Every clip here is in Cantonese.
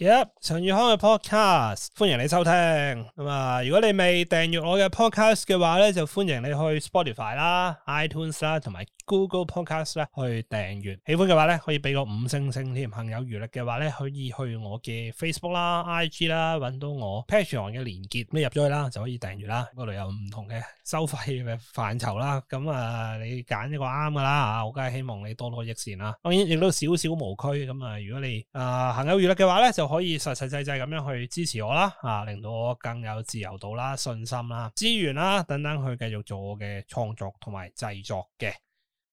Yep，陳宇康嘅 podcast，歡迎你收聽。咁啊，如果你未訂閱我嘅 podcast 嘅話咧，就歡迎你去 Spotify 啦、iTunes 啦，同埋。Google Podcast 去訂閱，喜歡嘅話呢，可以畀個五星星添。行有餘力嘅話呢，可以去我嘅 Facebook 啦、IG 啦，搵到我 Patreon 嘅連結，咁入咗去啦，就可以訂閱啦。嗰度有唔同嘅收費嘅範疇啦，咁啊你揀一個啱嘅啦啊，我梗係希望你多多益善啦。當然亦都少少無拘，咁啊如果你啊行、呃、有餘力嘅話呢，就可以實實際際咁樣去支持我啦，啊令到我更有自由度啦、信心啦、資源啦等等，去繼續做我嘅創作同埋製作嘅。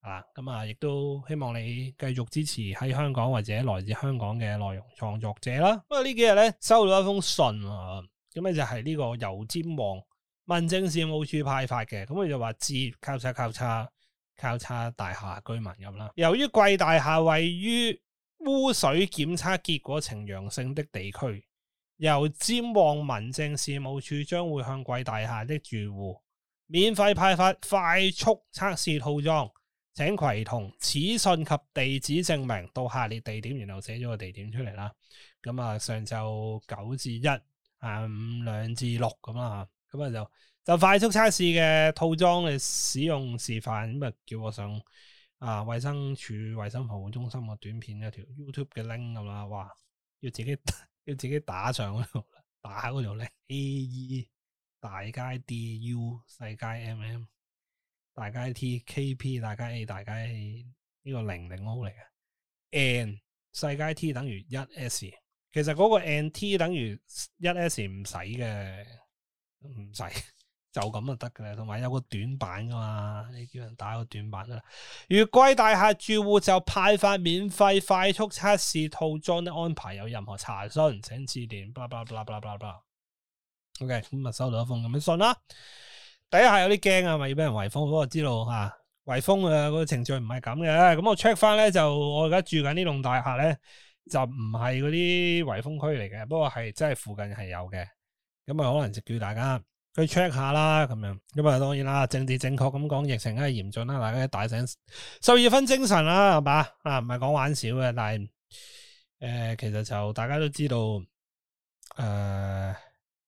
啊，咁啊、嗯，亦都希望你繼續支持喺香港或者來自香港嘅內容創作者啦。不過呢幾日咧收到一封信啊，咁咧就係呢個油尖旺民政事務處派發嘅，咁佢就話致交叉交叉交叉大廈居民咁啦。由於貴大廈位於污水檢測結果呈陽性的地區，油尖旺民政事務處將會向貴大廈的住戶免費派發快速測試套裝。請攜同此信及地址證明到下列地點，然後寫咗個地點出嚟啦。咁啊，上晝九至一，下午兩至六咁啊。咁啊就，就快速測試嘅套裝嘅使用示範，咁啊叫我上啊，衛生署衛生防護中心嘅短片一條 YouTube 嘅 link 咁啊。哇！要自己要自己打上嗰條打嗰 link A E 大街 D U 細街 M M。大街 T K P 大街 A 大街呢個零零 O 嚟嘅 N 細街 T 等於一 S，其實嗰個 N T 等於一 S 唔使嘅，唔使就咁就得㗎喇，同埋有個短板噶嘛，你叫人打個短板㗎啦。愉桂大廈住戶就派發免費快速測試套裝的安排，有任何查詢請致電。巴拉巴拉巴拉 O K，咁係收到一封咁樣信啦。第一下有啲驚、就是、啊，咪要俾人圍封。不過知道吓圍封啊，嗰個程序唔係咁嘅。咁我 check 翻咧，就我而家住緊呢棟大廈咧，就唔係嗰啲圍封區嚟嘅。不過係真係附近係有嘅。咁啊，可能就叫大家去 check 下啦，咁樣。咁啊，當然啦，政治正確咁講，疫情係嚴峻啦。大家大醒十二分精神啦，係嘛啊，唔係講玩笑嘅。但係誒、呃，其實就大家都知道誒、呃，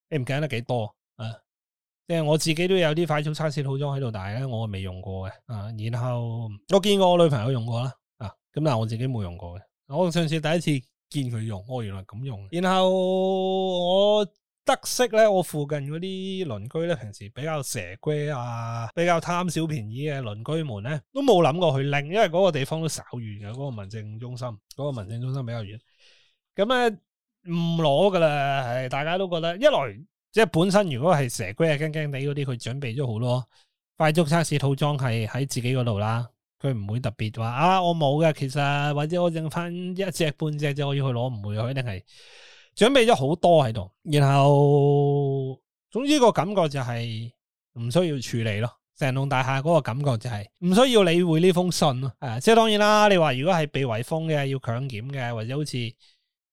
你唔記得幾多啊？即係我自己都有啲快速測試套裝喺度，但係咧我未用過嘅，啊，然後我見過我女朋友用過啦，啊，咁但係我自己冇用過嘅，我上次第一次見佢用，哦，原來咁用，然後我得悉咧，我附近嗰啲鄰居咧，平時比較蛇龜啊，比較貪小便宜嘅鄰居們咧，都冇諗過去拎，因為嗰個地方都稍遠嘅，嗰、嗰個民政中心，嗰、嗰個民政中心比較遠，咁咧唔攞噶啦，係大家都覺得一來。即係本身如果係蛇龜啊、驚驚地嗰啲，佢準備咗好多快速測試套裝，係喺自己嗰度啦。佢唔會特別話啊，我冇嘅，其實或者我剩翻一隻半隻就我要去攞唔會去，佢一定係準備咗好多喺度。然後總之個感覺就係唔需要處理咯。成棟大廈嗰個感覺就係唔需要理會呢封信咯。誒、啊，即係當然啦。你話如果係被圍封嘅，要強檢嘅，或者好似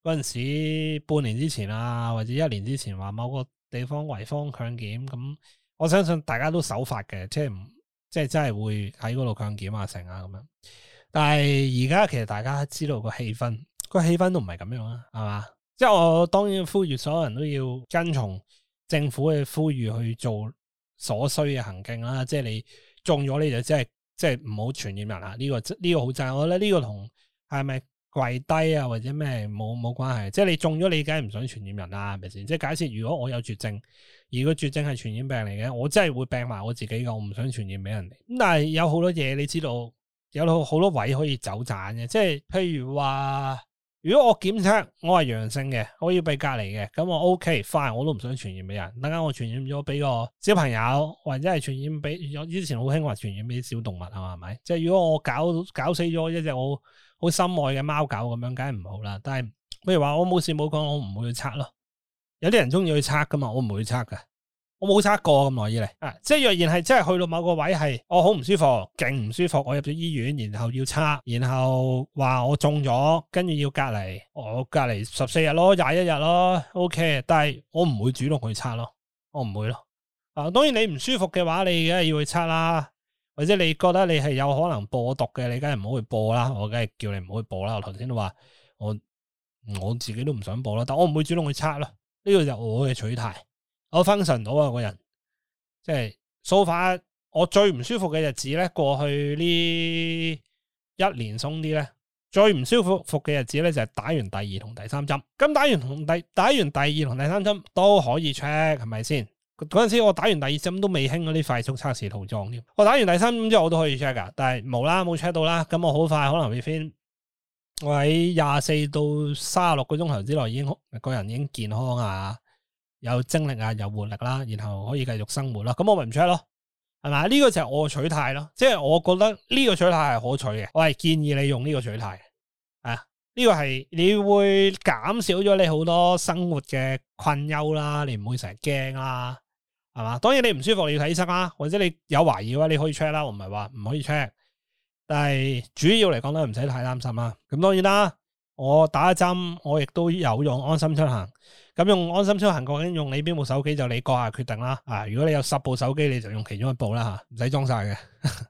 嗰陣時半年之前啊，或者一年之前話某個地方圍封強檢，咁我相信大家都守法嘅，即係唔即係真係會喺嗰度強檢啊、成啊咁樣。但係而家其實大家知道個氣氛，個氣氛都唔係咁樣啦，係嘛？即係我當然呼籲所有人都要跟從政府嘅呼籲去做所需嘅行徑啦。即係你中咗你就即係即係唔好傳染人啊！呢個呢個好讚，我覺得呢個同係咪？跪低啊，或者咩冇冇關係，即係你中咗你梗係唔想傳染人啦，係咪先？即係假設如果我有絕症，而個絕症係傳染病嚟嘅，我真係會病埋我自己㗎。我唔想傳染俾人哋。咁但係有好多嘢你知道，有好多位可以走盞嘅，即係譬如話。如果我檢測我係陽性嘅，我要被隔離嘅，咁我 OK, fine，我都唔想傳染俾人。等間我傳染咗俾個小朋友，或者係傳染俾以前好興話傳染俾小動物啊嘛，係咪？即係、就是、如果我搞搞死咗一隻我好心愛嘅貓狗咁樣，梗係唔好啦。但係譬如話我冇事冇講，我唔會去測咯。有啲人中意去測噶嘛，我唔會去測嘅。我冇測過咁耐以嚟，啊，即係若然係，真係去到某個位係，我好唔舒服，勁唔舒服，我入咗醫院，然後要測，然後話我中咗，跟住要隔離，我隔離十四日咯，廿一日咯，OK，但係我唔會主動去測咯，我唔會咯。啊，當然你唔舒服嘅話，你梗係要去測啦，或者你覺得你係有可能播毒嘅，你梗係唔好去播啦，我梗係叫你唔好去播啦。我頭先都話，我我自己都唔想播啦，但我唔會主動去測咯，呢個就我嘅取態。我 function 到啊！個人即係數法，我最唔舒服嘅日子咧，過去呢一年鬆啲咧，最唔舒服服嘅日子咧就係、是、打完第二同第三針。咁打完同第打完第二同第三針都可以 check，係咪先？嗰陣時我打完第二針都未興嗰啲快速測試套裝添。我打完第三針之後我都可以 check 㗎，但係冇啦，冇 check 到啦。咁我好快可能會先我喺廿四到卅六個鐘頭之內，已經個人已經健康啊。有精力啊，有活力啦，然後可以繼續生活啦。咁我咪唔 check 咯，係咪？呢個就係我取態咯，即係我覺得呢個取態係可取嘅。我係建議你用呢個取態，啊，呢個係你會減少咗你好多生活嘅困擾啦，你唔會成日驚啦，係嘛？當然你唔舒服你要睇醫生啦，或者你有懷疑嘅話你可以 check 啦，我唔係話唔可以 check。但係主要嚟講都唔使太擔心啦。咁當然啦。我打一針，我亦都有用安心出行。咁用安心出行，究竟用你邊部手機就你閣下決定啦。啊，如果你有十部手機，你就用其中一部啦吓，唔使裝晒嘅。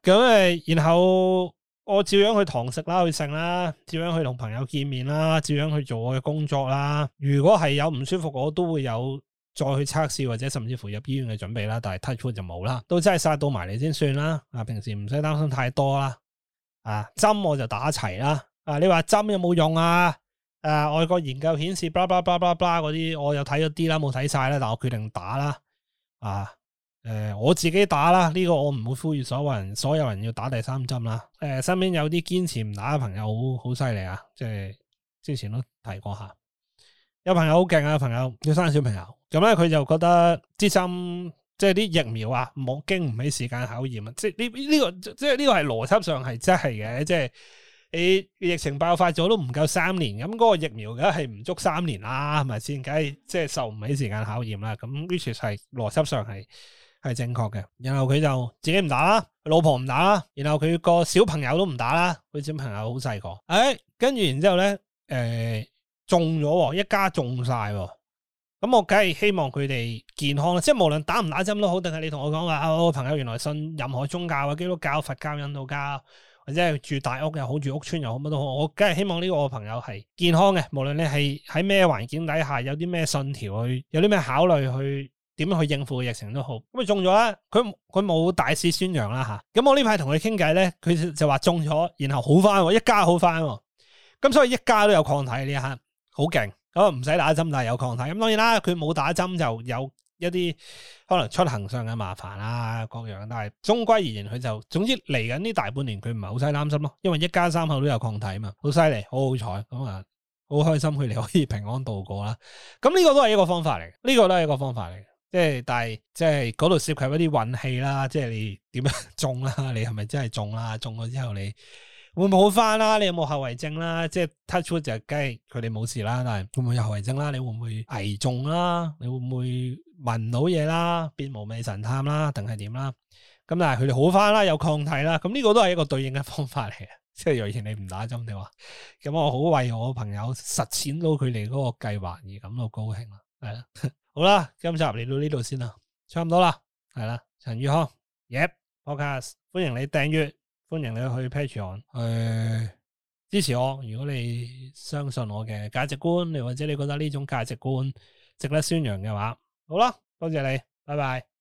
咁誒， 然後我照樣去堂食啦，去食啦，照樣去同朋友見面啦，照樣去做我嘅工作啦。如果係有唔舒服，我都會有再去測試或者甚至乎入醫院嘅準備啦。但係 touch wood 就冇啦，都真係殺到埋嚟先算啦。啊，平時唔使擔心太多啦。啊，針我就打齊啦。啊！你話針有冇用啊？誒、啊，外國研究顯示，blah blah blah blah blah 嗰啲，我有睇咗啲啦，冇睇晒啦，但我決定打啦。啊，誒、呃，我自己打啦。呢、這個我唔會呼籲所有人，所有人要打第三針啦。誒、呃，身邊有啲堅持唔打嘅朋友，好好犀利啊！即係之前都提過下，有朋友好勁啊，有朋友要生小朋友，咁咧佢就覺得支針即係啲疫苗啊，冇經唔起時間考驗啊！即係呢呢個，即係呢個係邏輯上係真係嘅，即係。你疫情爆發咗都唔夠三年，咁、那、嗰個疫苗梗係唔足三年啦，係咪先？梗係即係受唔起時間考驗啦。咁 Richie 係邏輯上係係正確嘅。然後佢就自己唔打啦，老婆唔打啦，然後佢個小朋友都唔打啦，佢小朋友好細個。哎，跟住然之後咧，誒、呃、中咗，一家中晒喎。咁我梗係希望佢哋健康啦，即係無論打唔打針都好。定係你同我講話，我、哦、朋友原來信任何宗教啊，基督教、佛教、印度教。或者係住大屋又好，住屋村又好，乜都好，我梗係希望呢個我朋友係健康嘅。無論你係喺咩環境底下，有啲咩信條去，有啲咩考慮去，點樣去應付疫情都好。咁就中咗啦，佢佢冇大肆宣揚啦吓。咁我呢排同佢傾偈咧，佢就話中咗，然後好翻，一家好翻。咁所以一家都有抗體呢一刻，好勁。咁唔使打針但係有抗體。咁當然啦，佢冇打針就有。一啲可能出行上嘅麻煩啊，各樣，但係終歸而言，佢就總之嚟緊呢大半年，佢唔係好使擔心咯，因為一家三口都有抗體啊嘛，好犀利，好好彩，咁啊，好開心佢哋可以平安度過啦。咁呢個都係一個方法嚟，呢個都係一個方法嚟，即係但係即係嗰度涉及一啲運氣啦，即係你點樣中啦，你係咪真係中啦？中咗之後你。會唔會好翻啦、啊？你有冇後遺症啦、啊？即係 touch 就梗係佢哋冇事啦，但係會唔會有後遺症啦、啊？你會唔會危重啦、啊？你會唔會聞到嘢啦、啊？變無味神探啦、啊？定係點啦？咁但係佢哋好翻啦、啊，有抗體啦、啊。咁呢個都係一個對應嘅方法嚟嘅。即係若然你唔打針，你話咁我好為我朋友實踐到佢哋嗰個計劃而感到高興啦、啊。係啦，好啦，今集嚟到呢度先啦，差唔多啦，係啦，陳宇康，Yep，podcast，歡迎你訂閱。歡迎你去 Patreon 去、呃、支持我。如果你相信我嘅價值觀，你或者你覺得呢種價值觀值得宣揚嘅話，好啦，多謝你，拜拜。